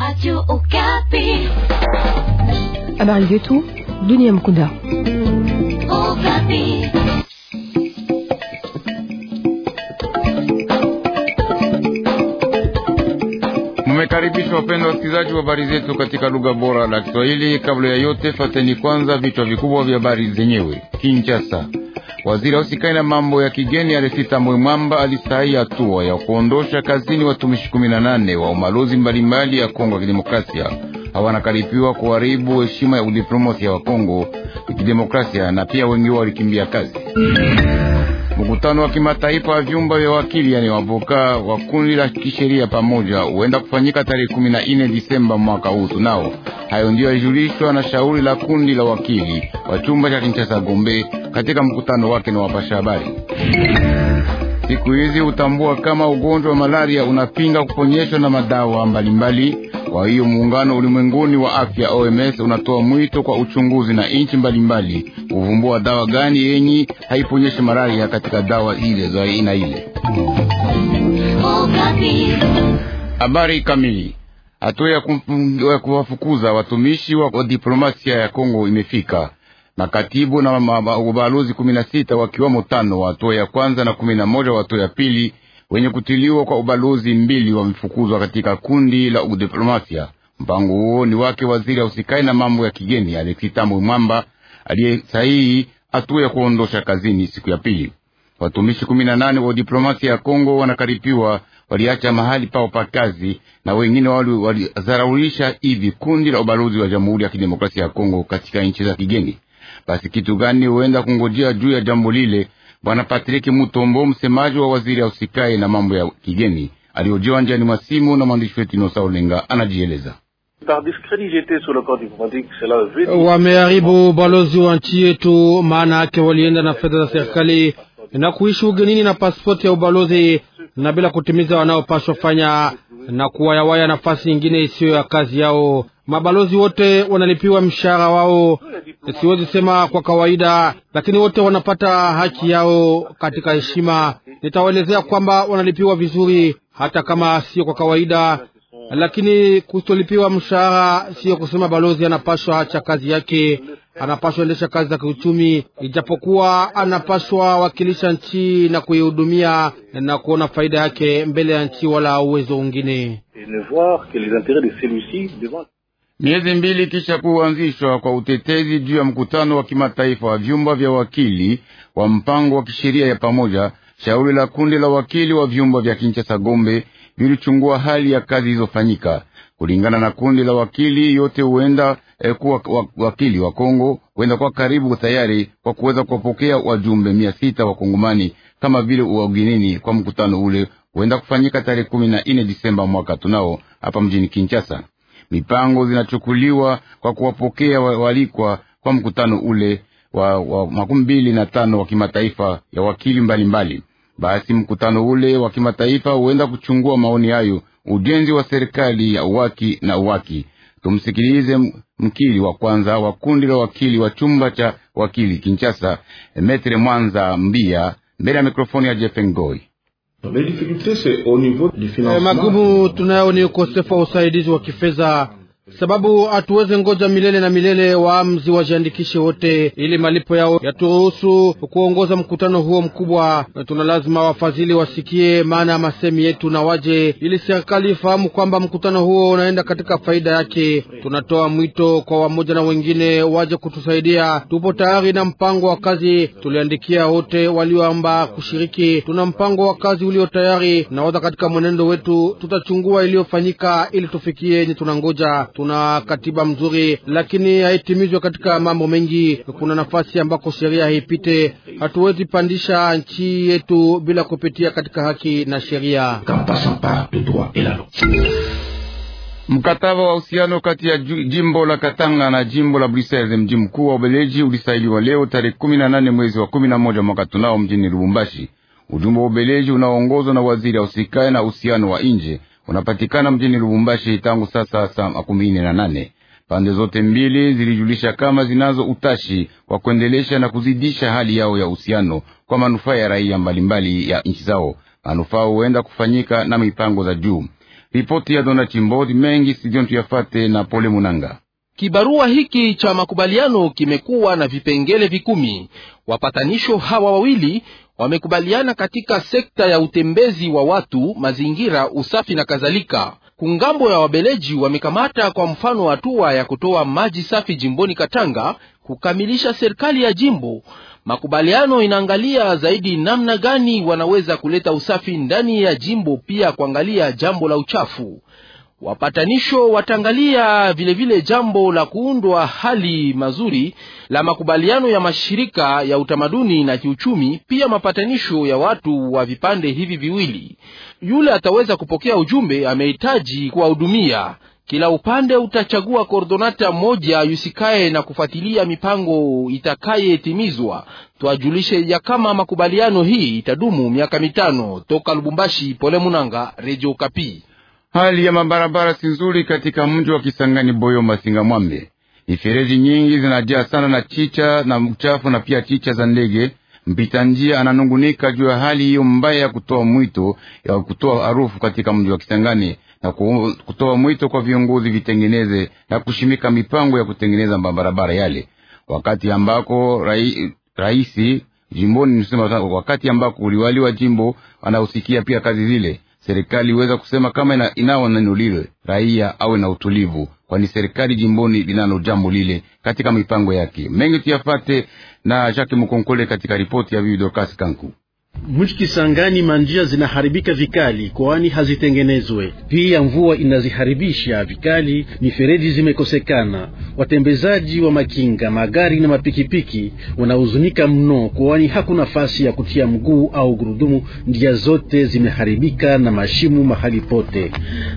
Radio Okapi. Habari zetu dunia mkunda. Okapi. Mmekaribishwa wapendwa wasikilizaji wa habari zetu katika lugha bora la Kiswahili. Kabla ya yote, fateni kwanza vichwa vikubwa vya habari zenyewe. Kinshasa Waziri ausikani na mambo ya kigeni Alexis Mwemwamba alisahi hatua ya kuondosha kazini watumishi 18 wa umalozi mbalimbali ya Kongo ya Kidemokrasia. Hawanakaripiwa kuharibu heshima ya udiplomasia wa Kongo ya Kidemokrasia, na pia wengi wao walikimbia kazi. Mkutano wa kimataifa wa vyumba vya wakili yani wavoka wa kundi la kisheria pamoja huenda kufanyika tarehe kumi na nne Disemba mwaka huu tunao. Hayo ndio yalijulishwa na shauri la kundi la wakili wa chumba cha Kinshasa Gombe katika mkutano wake na wapasha habari. Siku hizi hutambua kama ugonjwa wa malaria unapinga kuponyeshwa na madawa mbalimbali. Kwa hiyo muungano ulimwenguni wa afya OMS unatoa mwito kwa uchunguzi na nchi mbalimbali kuvumbua dawa gani yenye haiponyeshe malaria katika dawa ile za aina ile. Habari kamili. Hatua ya kuwafukuza watumishi wa diplomasia ya Kongo imefika makatibu na mabalozi kumi na sita wakiwamo tano wa hatua ya kwanza na kumi na moja wa hatua ya pili wenye kutiliwa kwa ubalozi mbili wamefukuzwa katika kundi la udiplomasia. Mpango huo ni wake waziri ausikai na mambo ya kigeni Alexi Tambwe Mwamba aliyesahihi hatua ya kuondosha kazini siku ya pili. Watumishi kumi na nane wa diplomasia ya Kongo wanakaripiwa waliacha mahali pao pa kazi na wengine wali hivi kundi la ubalozi wa Jamhuri ya Kidemokrasia ya Kongo katika nchi za kigeni. Basi kitu gani huenda kungojea juu ya jambo lile? Bwana Patriki Mutombo, msemaji wa waziri ya usikae na mambo ya kigeni, aliojiwa njani mwa simu na mwandishi wetu Olenga, anajieleza. Wameharibu balozi wa nchi yetu, maana yake walienda na fedha za serikali na kuishi ugenini na pasipoti ya ubalozi na bila kutimiza wanaopaswa fanya na kuwayawaya nafasi nyingine isiyo ya kazi yao. Mabalozi wote wanalipiwa mshahara wao, siwezi sema kwa kawaida, lakini wote wanapata haki yao katika heshima. Nitawaelezea kwamba wanalipiwa vizuri, hata kama sio kwa kawaida, lakini kutolipiwa mshahara siyo kusema balozi anapashwa acha kazi yake, anapashwa endesha kazi za kiuchumi, ijapokuwa anapashwa wakilisha nchi na kuihudumia na kuona faida yake mbele ya nchi wala uwezo wengine. Miezi mbili kisha kuanzishwa kwa utetezi juu ya mkutano wa kimataifa wa vyumba vya wakili wa mpango wa kisheria ya pamoja, shauri la kundi la wakili wa vyumba vya Kinshasa Gombe vilichungua hali ya kazi ilizofanyika. Kulingana na kundi la wakili yote huenda eh, kuwa wakili wa Kongo huenda kwa karibu tayari kwa kuweza kuwapokea wajumbe mia sita wa Kongomani kama vile uaginini kwa mkutano ule huenda kufanyika tarehe kumi na nne Disemba mwaka tunao hapa mjini Kinshasa mipango zinachukuliwa kwa kuwapokea walikwa kwa mkutano ule wa, wa makumi mbili na tano wa kimataifa ya wakili mbalimbali mbali. Basi mkutano ule wa kimataifa huenda kuchungua maoni hayo, ujenzi wa serikali ya uwaki na uwaki. Tumsikilize mkili wa kwanza wa kundi la wakili wa chumba cha wakili kinchasa Metre Mwanza Mbia, mbele ya mikrofoni ya Jefengoi. Eh, Magumu tunayo ni ukosefu wa usaidizi wa kifedha sababu hatuweze ngoja milele na milele. Waamzi wajiandikishe wote, ili malipo yao yaturuhusu kuongoza mkutano huo mkubwa. Tuna lazima wafadhili wasikie maana ya masemi yetu na waje, ili serikali ifahamu kwamba mkutano huo unaenda katika faida yake. Tunatoa mwito kwa wamoja na wengine waje kutusaidia. Tupo tayari na mpango wa kazi, tuliandikia wote walioamba kushiriki. Tuna mpango wa kazi ulio tayari, nawaza katika mwenendo wetu tutachungua iliyofanyika ili tufikie yenye tunangoja. Tuna katiba mzuri, lakini haitimizwe katika mambo mengi. Kuna nafasi ambako sheria haipite. Hatuwezi pandisha nchi yetu bila kupitia katika haki na sheria. Mkataba wa uhusiano kati ya jimbo la Katanga na jimbo la Brussels, mji mkuu wa Ubeleji, ulisailiwa leo tarehe 18 mwezi wa 11 mwaka tunao mjini Lubumbashi. Ujumbe wa Ubeleji unaoongozwa na waziri ausikae na uhusiano wa nje unapatikana mjini Lubumbashi tangu sasa saa makumi ine na nane. Pande zote mbili zilijulisha kama zinazo utashi wa kuendelesha na kuzidisha hali yao ya uhusiano kwa manufaa ya raia mbalimbali ya nchi zao. Manufaa huenda kufanyika na mipango za juu. Ripoti ya Dona Chimbodi mengi sijontu yafate na Pole Munanga. Kibarua hiki cha makubaliano kimekuwa na vipengele vikumi. Wapatanisho hawa wawili wamekubaliana katika sekta ya utembezi wa watu, mazingira, usafi na kadhalika. Kungambo ya Wabeleji wamekamata kwa mfano hatua ya kutoa maji safi jimboni Katanga kukamilisha serikali ya jimbo. Makubaliano inaangalia zaidi namna gani wanaweza kuleta usafi ndani ya jimbo, pia kuangalia jambo la uchafu. Wapatanisho watangalia vilevile jambo la kuundwa hali mazuri la makubaliano ya mashirika ya utamaduni na kiuchumi, pia mapatanisho ya watu wa vipande hivi viwili. Yule ataweza kupokea ujumbe amehitaji kuwahudumia. Kila upande utachagua koordonata moja yusikae na kufuatilia mipango itakayetimizwa. Twajulishe ya kama makubaliano hii itadumu miaka mitano. Toka Lubumbashi, Pole Munanga, Redio Kapi. Hali ya mabarabara si nzuri katika mji wa Kisangani Boyo Masinga Mwambe. Ifereji nyingi zinajaa sana na chicha na mchafu na pia chicha za ndege. Mpita njia ananungunika juu ya hali hiyo mbaya ya kutoa mwito ya kutoa harufu katika mji wa Kisangani na kutoa mwito kwa viongozi vitengeneze na kushimika mipango ya kutengeneza mabarabara yale, wakati ambako rai, raisi jimboni nisema, wakati ambako uliwali wa jimbo anahusikia pia kazi zile serikali iweza kusema kama ina, inao neno lile, raia awe na utulivu, kwani serikali jimboni linalo jambo lile katika mipango yake mengi. Tuyafate na Jacques Mukonkole katika ripoti ya Vidokasi Dorcas Kanku kisangani manjia zinaharibika vikali, kwani hazitengenezwe. Pia mvua inaziharibisha vikali, mifereji zimekosekana. Watembezaji wa makinga, magari na mapikipiki wanahuzunika mno, kwani hakuna nafasi ya kutia mguu au gurudumu. Njia zote zimeharibika na mashimo mahali pote.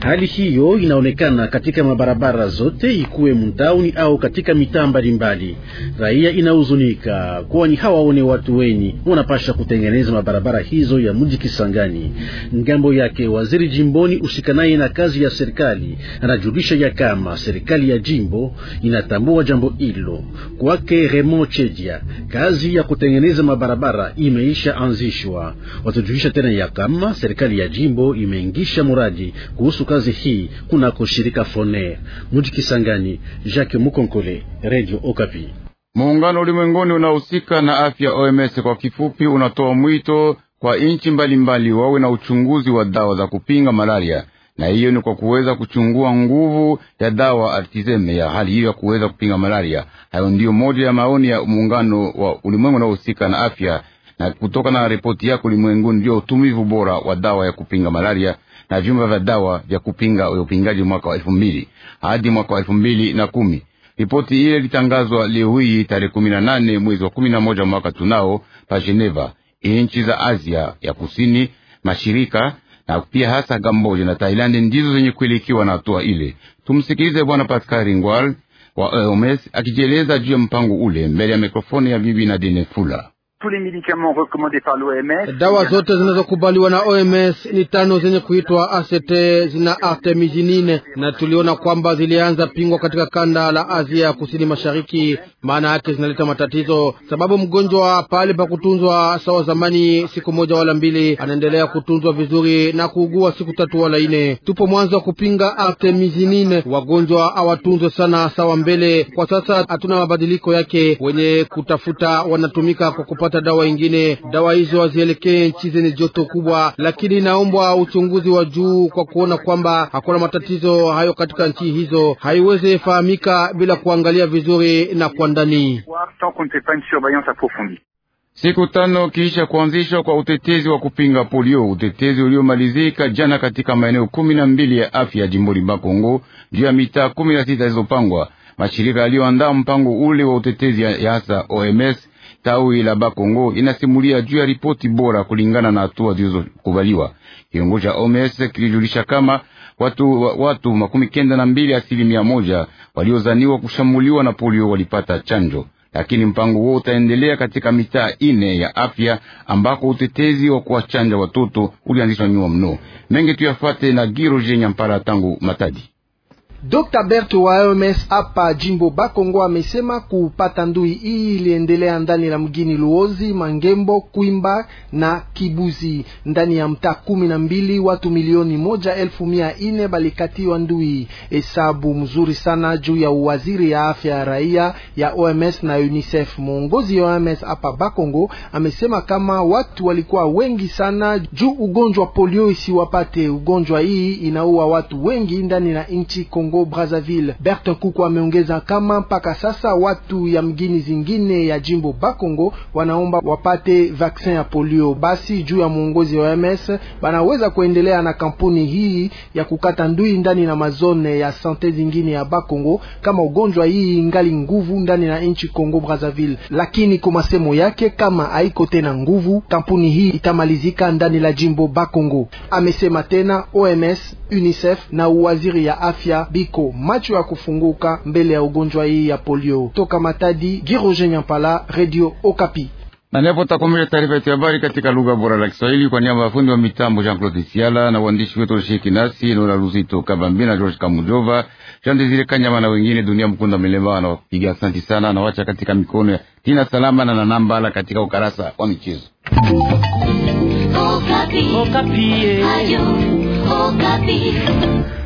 Hali hiyo inaonekana katika mabarabara zote, ikuwe mtauni au katika mitaa mbalimbali. Raia inahuzunika, kwani hawaone watu wenye wanapasha kutengeneza barabara hizo ya mji Kisangani. Ngambo yake waziri jimboni usikanaye na kazi ya serikali anajulisha ya kama serikali ya jimbo inatambua jambo hilo. Kwake Remo Chedia, kazi ya kutengeneza mabarabara imeisha anzishwa. Watujulisha tena ya kama serikali ya jimbo imeingisha muradi kuhusu kazi hii kunako shirika Foner mji Kisangani. Jacques Mukonkole, Radio Okapi. Muungano ulimwenguni unahusika na afya OMS kwa kifupi unatoa mwito kwa inchi mbalimbali wawe na uchunguzi wa dawa za kupinga malaria, na hiyo ni kwa kuweza kuchungua nguvu ya dawa artizeme ya hali hiyo ya kuweza kupinga malaria. Hayo ndiyo moja ya maoni ya muungano wa ulimwengu unaohusika na afya na kutoka na ripoti yako ulimwenguni ndio utumivu bora wa dawa ya kupinga malaria na vyumba vya dawa vya kupinga upingaji mwaka wa elfu mbili hadi mwaka wa elfu mbili na kumi. Ripoti ile ilitangazwa leo hii tarehe kumi na nane mwezi wa kumi na moja mwaka tunao pa Geneva. Nchi za Asia ya kusini mashirika na pia hasa Gamboja na Tailandi ndizo zenye kuelekiwa na hatua ile. Tumsikilize Bwana Pascal Ringwal wa OMS akijieleza juu ya mpango ule mbele ya mikrofoni ya bibi na Dine Fula. Dawa zote zinazokubaliwa na OMS ni tano zenye kuitwa ACT zina artemisinine, na tuliona kwamba zilianza pingwa katika kanda la Asia ya kusini mashariki. Maana yake zinaleta matatizo, sababu mgonjwa pale pa kutunzwa sawa zamani siku moja wala mbili, anaendelea kutunzwa vizuri na kuugua siku tatu wala ine. Tupo mwanzo wa kupinga artemisinine, wagonjwa awatunzwe sana sawa mbele. Kwa sasa hatuna mabadiliko yake, wenye kutafuta wanatumika kwa kupata kupata dawa ingine. Dawa hizo hazielekee nchi zenye joto kubwa, lakini inaombwa uchunguzi wa juu kwa kuona kwamba hakuna matatizo hayo katika nchi hizo. Haiwezi fahamika bila kuangalia vizuri na kwa ndani. Siku tano kisha kuanzishwa kwa utetezi wa kupinga polio, utetezi uliomalizika jana katika maeneo kumi na mbili ya afya ya jimboni Bakongo juu ya mitaa kumi na sita zilizopangwa. Mashirika yaliyoandaa mpango ule wa utetezi ya yasa OMS tawi la Bakongo inasimulia juu ya ripoti bora kulingana na hatua zilizokubaliwa. Kiongozi cha OMS kilijulisha kama watu, watu makumi kenda na mbili asilimia moja waliozaniwa kushambuliwa na polio walipata chanjo, lakini mpango huo utaendelea katika mitaa ine ya afya ambako utetezi wa kuwachanja watoto ulianzishwa nyuma mno. Mengi tuyafate na Giroje Nyampara tangu Matadi. Dr. Bert wa OMS hapa Jimbo Bakongo amesema kupata ndui hii iliendelea ndani la mgini Luozi, Mangembo, kwimba na Kibuzi. Ndani ya mtaa kumi na mbili watu milioni moja elfu mia ine balikatiwa ndui. Hesabu mzuri sana juu ya uwaziri ya afya ya raia ya OMS na UNICEF. Mwongozi wa OMS hapa Bakongo amesema kama watu walikuwa wengi sana juu ugonjwa polio isiwapate. Ugonjwa hii inaua watu wengi ndani na nchi Kongo Kongo Brazzaville. Bert Kuku ameongeza kama mpaka sasa watu ya mgini zingine ya jimbo Bakongo wanaomba wapate vaksin ya polio. Basi juu ya mwongozi wa MS banaweza kuendelea na kampuni hii ya kukata ndui ndani na mazone ya sante zingine ya Bakongo, kama ugonjwa hii ingali nguvu ndani na nchi Kongo Brazzaville. Lakini kwa masemo yake, kama haiko tena nguvu, kampuni hii itamalizika ndani la jimbo Bakongo, amesema tena OMS, UNICEF na uwaziri ya afya biko macho ya kufunguka mbele ya ugonjwa hii ya polio. Toka Matadi, Giroje Nyampala, Radio Okapi. Na ndipo takomesha taarifa yetu ya habari katika lugha bora la Kiswahili kwa niaba ya fundi wa mitambo Jean Claude Siala na waandishi wetu Shiki Nasi Lola Luzito Kabambi na George Kamujova, Jean Desire Kanyama na wengine. Dunia Mkunda Melema na wapiga asante sana na wacha katika mikono ya Tina Salama na Nanambala katika ukarasa wa michezo. Okapi. Okapi. Eh. Ayo. Okapi.